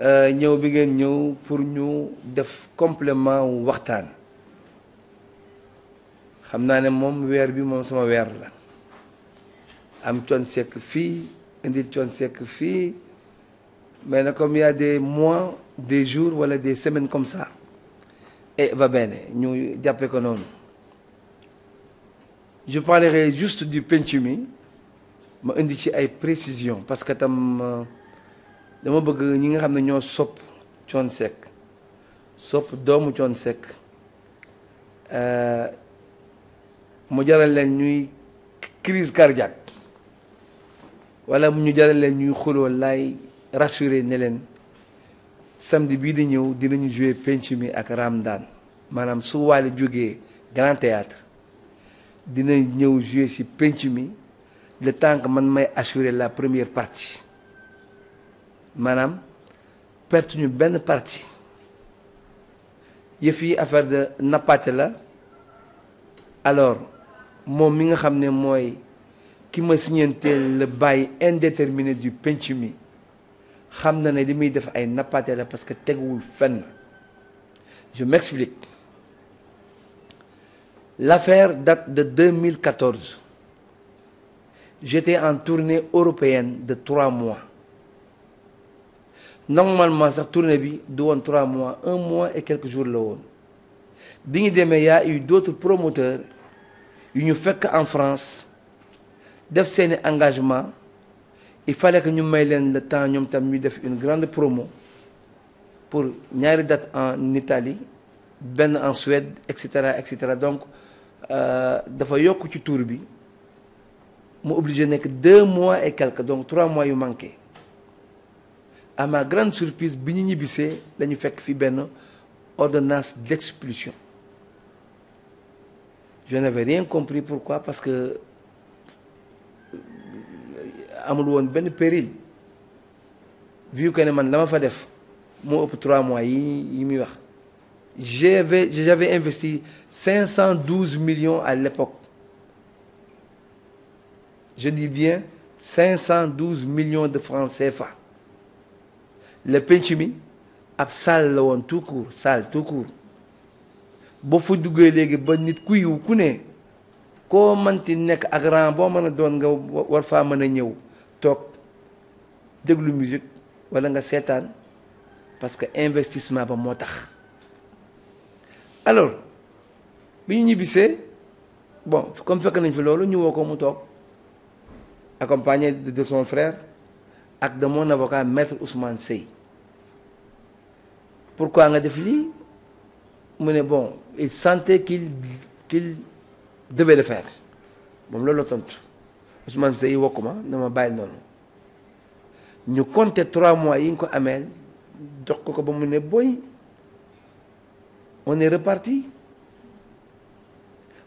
Euh, ñëw bi ngeen ñëw pour ñu def complément waxtaan xam naa ne moom weer bi moom sama weer la am Thione Seck fii indil Thione Seck fii mais na comme y a des mois des jours wala des semaines comme ça et eh, va bene ñu jàppee ko noonu je parlerai juste du penc mi ma indi ci ay précisions parce que tam. Euh, dama bëgg ñi nga xam ne ñoo sopp Thione Seck sopp doomu Thione Seck euh, mu jaral leen ñuy crise cardiaque wala mu ñu jaral leen ñuy xuloo lay rassurer ne leen samedi bii di ñëw dinañu jouer penc mi ak Ramdan maanaam su waale jógee Grand Théâtre dina ñëw jouer ci penc mi le temps que man may assurer la première partie maanaam perte ñu benn partie yëf yi affaire de nappaate la alors moom mi nga xam ne mooy ki ma siñeenteel la bàyyi indéterminé du penc mi xam na ne li muy def ay nappaate la parce que teguwul fen fenn je m'explique l'affaire date de 2014 j'étais en tournée européenne de trois mois normalement sax tournée bi du woon trois mois un mois et quelques jours la woon bi ñu demee y uy eu d'autres yu ñu fekk en France def seeni engagement il fallait que ñu may leen le temps ñoom tam ñu def une grande promo pour ñaari date en Italie benn en Suède et cetera et cetera donc euh, dafa yokk ci tour bi mu obligé nekk deux mois et quelques donc trois mois yu manqué à ma grande surprise bi ñu ñibbisee dañu fekk fi benn ordonnance d'expulsion je n'avais rien compris pourquoi parce que euh, amul woon benn péril vu que ne man la ma fa def moo ëpp trois mois yi yi muy wax j'avais j'avais investi cinq cent douze millions à l'époque je dis bien cinq cent douze millions de francs fa le penc mi ab salle la woon tout court salle boo fu duggee léegi ba nit ku yiw ku ne koo manti nekk ak rang boo mën a doon nga war faa mën a ñëw toog déglu musique walla nga seetaan parce que investissement ba moo tax alors bi ñu ñibbisee bon comme fekk nañ fi loolu ñëwoo ko mu toog accompagné de son frère ak de mon avocat maître Ousmane Seye pourquoi nga def lii mu ne bon il sentait qu'il qu'il devait le faire moom loolu la tontu Ousmane Seye wokk ma na ma bàyyi noonu ñu compter trois mois yi nga ko ameel jox ko ko ba mu ne boy on est reparti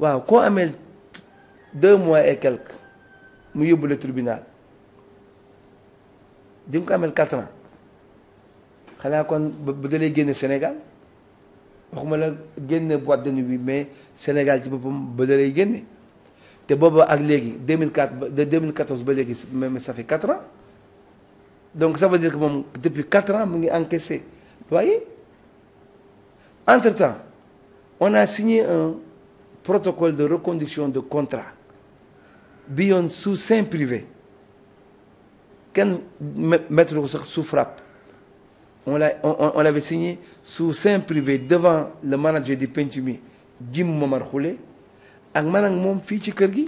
waaw koo ameel deux mois e quelques mu yóbbu le tribunal di nga ko ameel quatre ans xanaa kon ba dalee génne Sénégal waxuma la génne boit de nuit bi mais Sénégal ci boppam ba dalee génne te booba ak léegi 2004 ba de 2014 ba léegi même ça fait 4 ans donc ça veut dire que moom depuis 4 ans mu ngi encaissé loyer entre temps on a signé un protocole de reconduction de contrat bi yoon sous seing privé kenn mettre ko sax sous frappe on l'a on, on l'avait signé sous seing privé devant le manager du penc mi Jim Momar Khoule ak man ak moom fii ci kër gi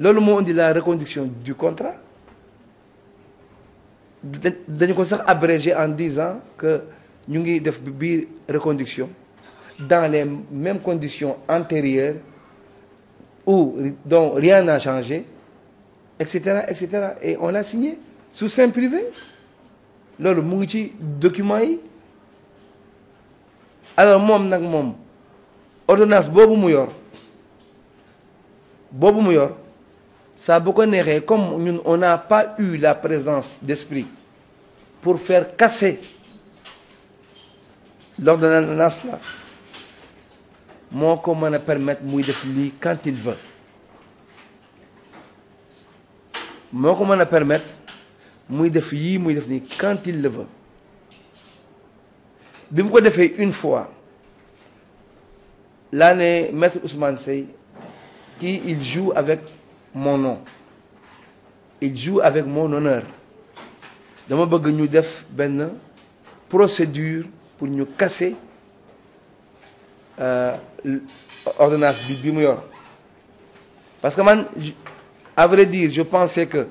loolu moo indi la reconduction du contrat dañu ko sax abrégé en disant que ñu ngi def biir reconduction dans les mêmes conditions antérieures où donc rien n'a changé et cetera et cetera et on l'a signé sous seing privé loolu mu ngi ci document yi alors moom nag moom ordonnance boobu mu yor boobu mu yor saa bu ko neexee comme ñun on n'a pas eu la présence d'esprit pour faire casser l'ordonnance là moo ko mën a permettre muy def lii quand il veut moo ko mën a permettre muy def yii muy def nii quand il le veut bi ko defee une fois laa ne maître Ousmane Seye kii il joue avec mon nom il joue avec mon honneur dama bëgg ñu def benn procédure pour ñu casser euh, ordonnance bi bi mu yor parce que man à vrai dire je pensais que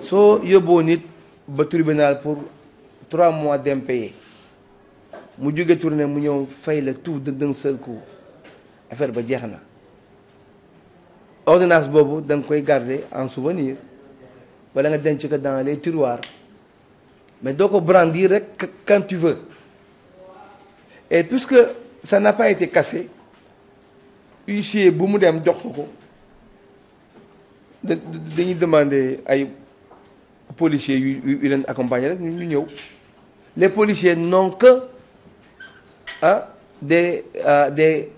soo yóbboo nit ba tribunal pour trois mois d'impayé mu jóge tournée mu ñëw fay la tout d'un seul coup affaire ba jeex na ordonnance boobu da nga koy garder en souvenir wala nga denc ko dans les tiroirs mais doo ko brandir rek quand tu veux et puisque ça n'a pas été cassé huissier bu mu dem jox ko ko dañuy demander ay policiers yu yu leen accompagner rek ñu ñëw les policiers n'ont ah des euh, des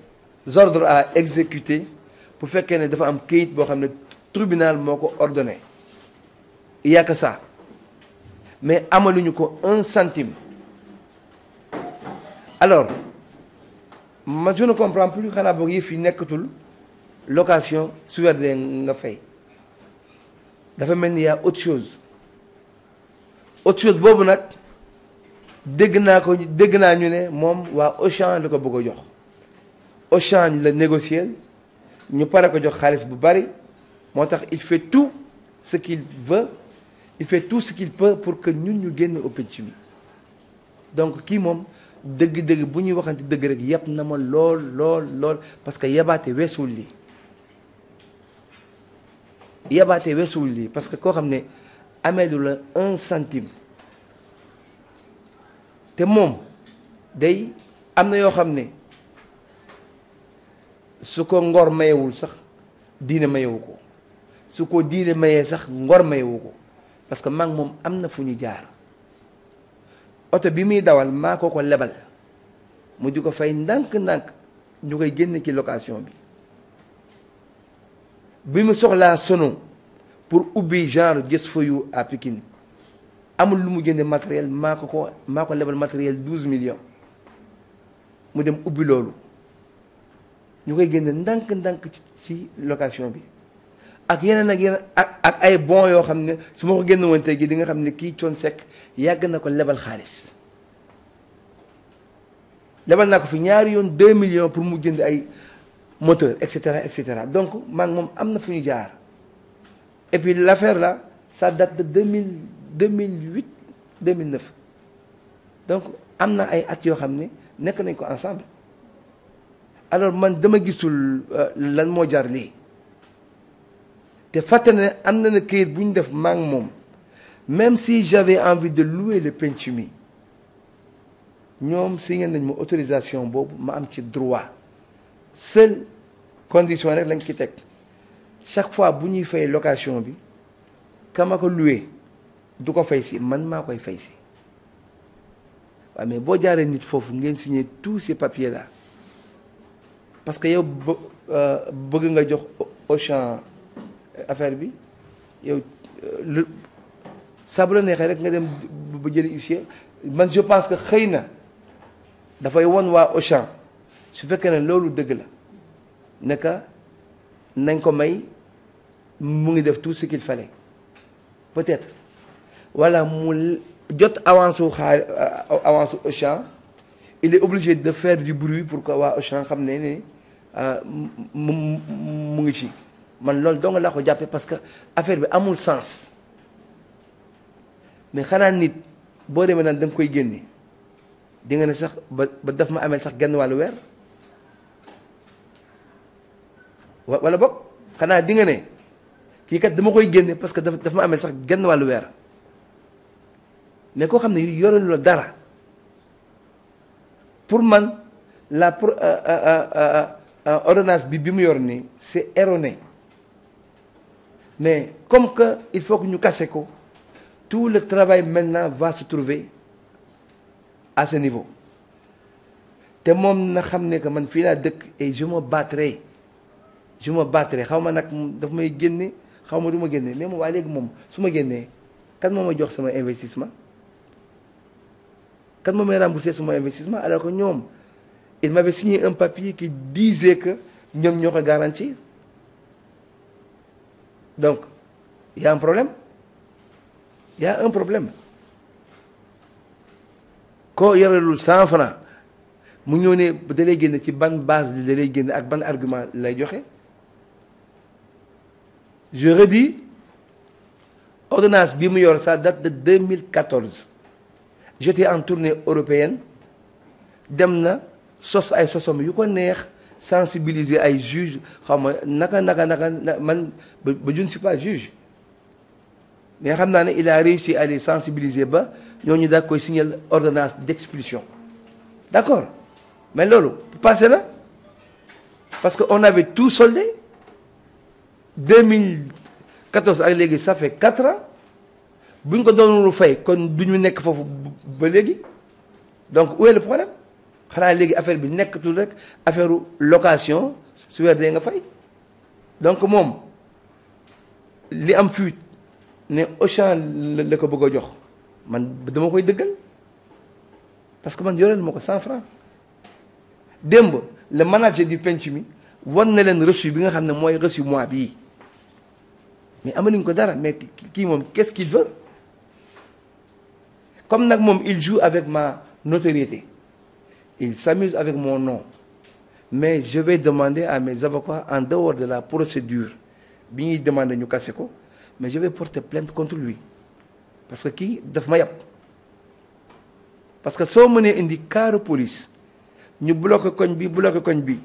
ordres à exécuter bu fekkee ne dafa am kayit boo xam ne tribunal moo ko ordonné il y mais amaluñu ko un centime alors man je ne comprends plus xanaa boog yëf yi nekkatul location su nga fay dafa mel ni y a chose autre chose boobu nag dégg naa ko dégg naa ñu ne moom waa Auchan la ko bëgg jox Auchan la négocier ñu pare ko jox xaalis bu bari moo tax il fait tout ce qu'il veut il fait tout ce qu'il peut pour que ñun ñu génn au pénc mi donc kii moom dëgg-dëgg bu ñuy waxante dëgg rek yàpp na ma lool lool lool parce que yabaate weesuwul lii yabaate weesuwul lii parce que koo xam ne ameelu la un centime te moom day am na yoo xam ne su ko ngor mayewul sax diine mayewu ko su ko diine mayee sax ngor mayewu ko parce que maa moom am na fu ñu jaar oto bi muy dawal maa ko ko lebal mu di ko fay ndànk-ndànk ñu koy génn ci location bi bi mu soxlaa sono pour ubbi genre gës fayu à Pikine amul lu mu jënde matériel maa ko ko maa ko lebal matériel douze millions mu dem ubbi loolu ñu koy génne ndànk-ndànk ci location bi ak yeneen ak yeneen ak ay bon yoo xam ne su ma ko génn woon tey gi di nga xam ne kii coon sekk yàgg na ko lebal xaalis lebal naa ko fi ñaari yoon deux millions pour mu jënd ay moteur et cetera et cetera donc maa ngi moom am na fu ñu jaar et puis l'affaire là ça date de deux 2008 2009 donc am na ay at yoo xam ne nekk nañ ko ensemble alors man dama gisul euh, lan moo jar lii te fàtte ne am na na këyit bu ñu def maa moom même si j'avais envie de louer le penc mi ñoom si ngeen nañ ma autorisation boobu ma am ci droit seule condition rek lañ ki teg chaque fois bu ñuy fay location bi kama ko loué du ko fay si man maa koy fay si waaw mais boo jaaree nit foofu ngeen signé tous ces papiers la parce que yow euh, bëgg nga jox Auchan euh, affaire bi yow euh, lu saa la neexee rek nga dem ba jëli huissier man je pense que xëy na dafay won waa Auchan su fekkee ne loolu dëgg la naka nañ ko may mu ngi def tout ce qu'il fallait peut-être wala mu jot avance su xaar euh, avance su Auchan il est obligé de faire du bruit pour que waa Auchan xam ne ni euh, mu mu ngi ci man loolu dong laa ko jàppee parce que affaire bi amul sens mais xanaa nit boo demee naan da koy génne di nga ne sax ba daf ma amee sax genn wàllu weer wala boog xanaa di nga ne. kii kat dama koy génne parce que daf daf ma amel sax genn wàllu weer mais koo xam ne yoreelu la dara pour man la pour euh, euh, euh, ordonnance bi bi mu yor nii c'est erroné mais comme que il faut que ñu casser ko tout le travail maintenant va se trouver à ce niveau te moom na xam ne que man fii laa dëkk et je me battrai je me xaw ma nag daf may génne. xaw ma du ma génnee mais moom waaye léegi moom su ma génnee kan moo ma jox sama investissement kan moo may remboursé sama investissement alors ko ñoom il m'avait signé un papier qui disait que ñoom ñoo ko garantir donc y un problème y a un problème koo yorelul cent francs mu ñëw ne da lay génn ci ban base li da lay génn ak ban argument lay joxe je redis ordonnance bi mu yor ça date de 2014 j'étais en tournée européenne dem na sos ay sosom yu ko neex sensibiliser ay juge xaw ma naka naka naka man ba je ne pas juge mais xam naa ne il a réussi à les sensibiliser ba ñu daa koy signal ordonnance d'expulsion d'accord mais loolu passé na parce que on avait tout soldé 2014 ak léegi ça fait 4 ans bu ñu ko doonul fay kon du ñu nekk foofu ba léegi donc où est le problème xanaa léegi affaire bi nekkatul rek affaire location su weer dee nga fay donc moom li am fuite ne Auchan la ko bëgg jox man dama koy dëggal parce que man yoreel ma ko 100 francs démb le manager du penc mi wan na leen reçu bi nga xam ne mooy reçu mois bii. mais amaluñ ko dara mais kii moom qu'est-ce qu'il veut comme nag moom il joue avec ma notoriété il s'amuse avec mon nom mais je vais demander à mes avocats en dehors de la procédure bi ñuy demander ñu kase ko mais je vais porter plainte contre lui parce que kii daf ma yàpp parce que soo mënee indi caaru police ñu bloqué koñ bi bloqué koñ bi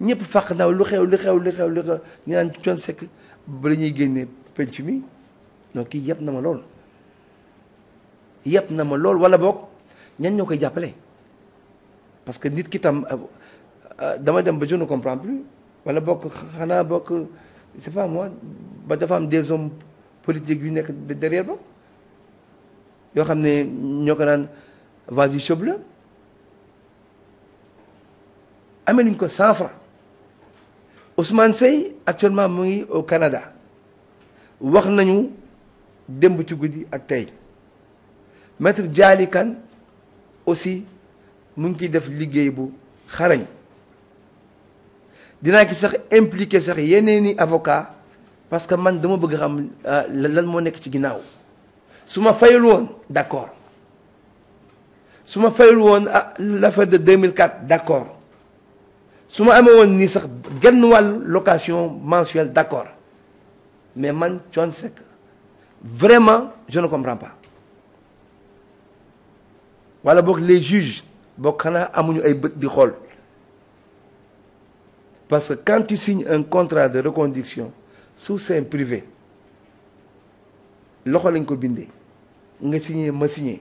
ñëpp fàq naaw lu xew lu xew lu xew lu xew ñu naan Thione ba la ñuy génnee penc mi non kii yëpp na ma lool yëpp na ma lool wala bokk ñan ñoo koy jàppale parce que nit ki tam euh, euh, dama dem ba je ne comprends plus wala bokk xanaa bokk c'est pas moi ba dafa des hommes politiques yu nekk derrière ba yoo xam ne ñoo ko naan vas-y chauve la amee nañ ko cent Ousmane sey actuellement mu ngi au Canada wax nañu démb ci guddi ak tey maître Dialy aussi mu ngi ciy def liggéey bu xarañ dinaa ki sax impliqué sax yeneen i avocat parce que man dama bëgg xam euh, lan moo nekk ci ginnaaw su ma fayul woon d' accord su ma fayul woon ah l'affaire de 2004 d' accord su ma amee woon nii sax genn wàll location mensuelle d'accord mais man Thione Seck vraiment je ne comprends pas wala boog les juges boog xanaa amuñu ay bët di xool parce que quand tu signes un contrat de reconduction sou seing privé loxo lañ ko bindee nga signé ma signé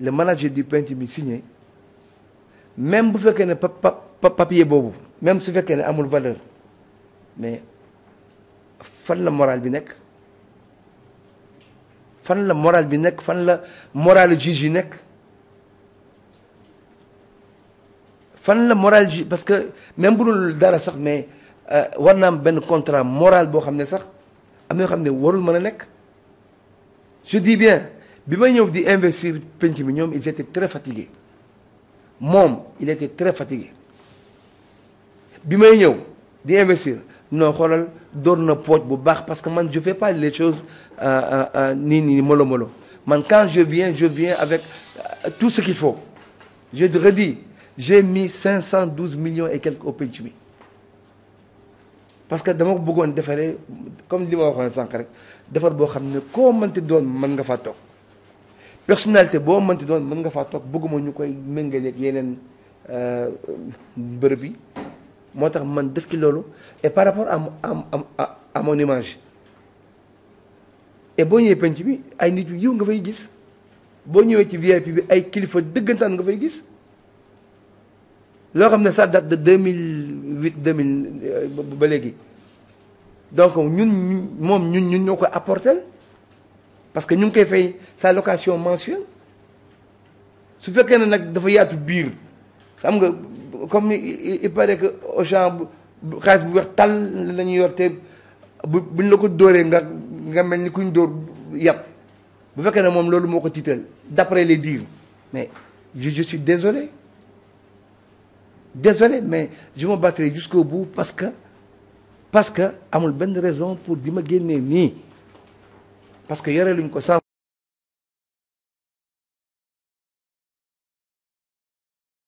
le manager du peintre mi signé même bu fekkee ne pa papier boobu même su fekkee ne amul valeur mais fan la moral bi nekk fan la moral bi nekk fan la morale ji yi nekk fan la moral parce que même bu dul dara sax mais euh, war naa benn contrat moral boo xam ne sax am na yoo xam ne warul mën a nekk je di bien bi ma ñëw di investir penc mi ñoom ils étaient très fatigués moom il était très fatigué bi may ñëw di investir noo xoolal door na pooj bu baax parce que man je fais pas les choses euh, euh, euh, nii nii molo molo man quand je viens je viens avec tout ce qu'il faut je te redis j'ai mis cinq cent douze millions et quelques au penc mi parce que dama buggoon bëggoon comme li ma waxoon sànq rek defar boo xam ne koo mënti doon mën nga fa toog personnalité boo mënti doon mën nga faa toog bëgguma ñu koy méngaleeg yeneen euh, bërëb yi moo tax man def ci loolu et par rapport am am à mon image et boo ñëwee penc bi ay nit yu yiw nga fay gis boo ñëwee ci VIP bi ay kilifa dëggantaan nga fay gis loo xam ne ça date de 2008 2000 euh, ba léegi donc ñun moom ñun ñun ñoo koy apporter parce que ñu ngi koy fay sa location mensuelle su fekkee ne nag dafa yaatu biir xam nga comme il paraît que bu xaalis bu weex tàll la ñuy yor te bu buñ la ko dóoree nga nga mel ni kuñ dóor yàpp bu fekkee ne moom loolu moo ko tiital d'après les dires mais je je suis désolé désolé mais je me battrai jusqu'au bout parce que parce que amul benn raison pour di ma génnee nii parce que yore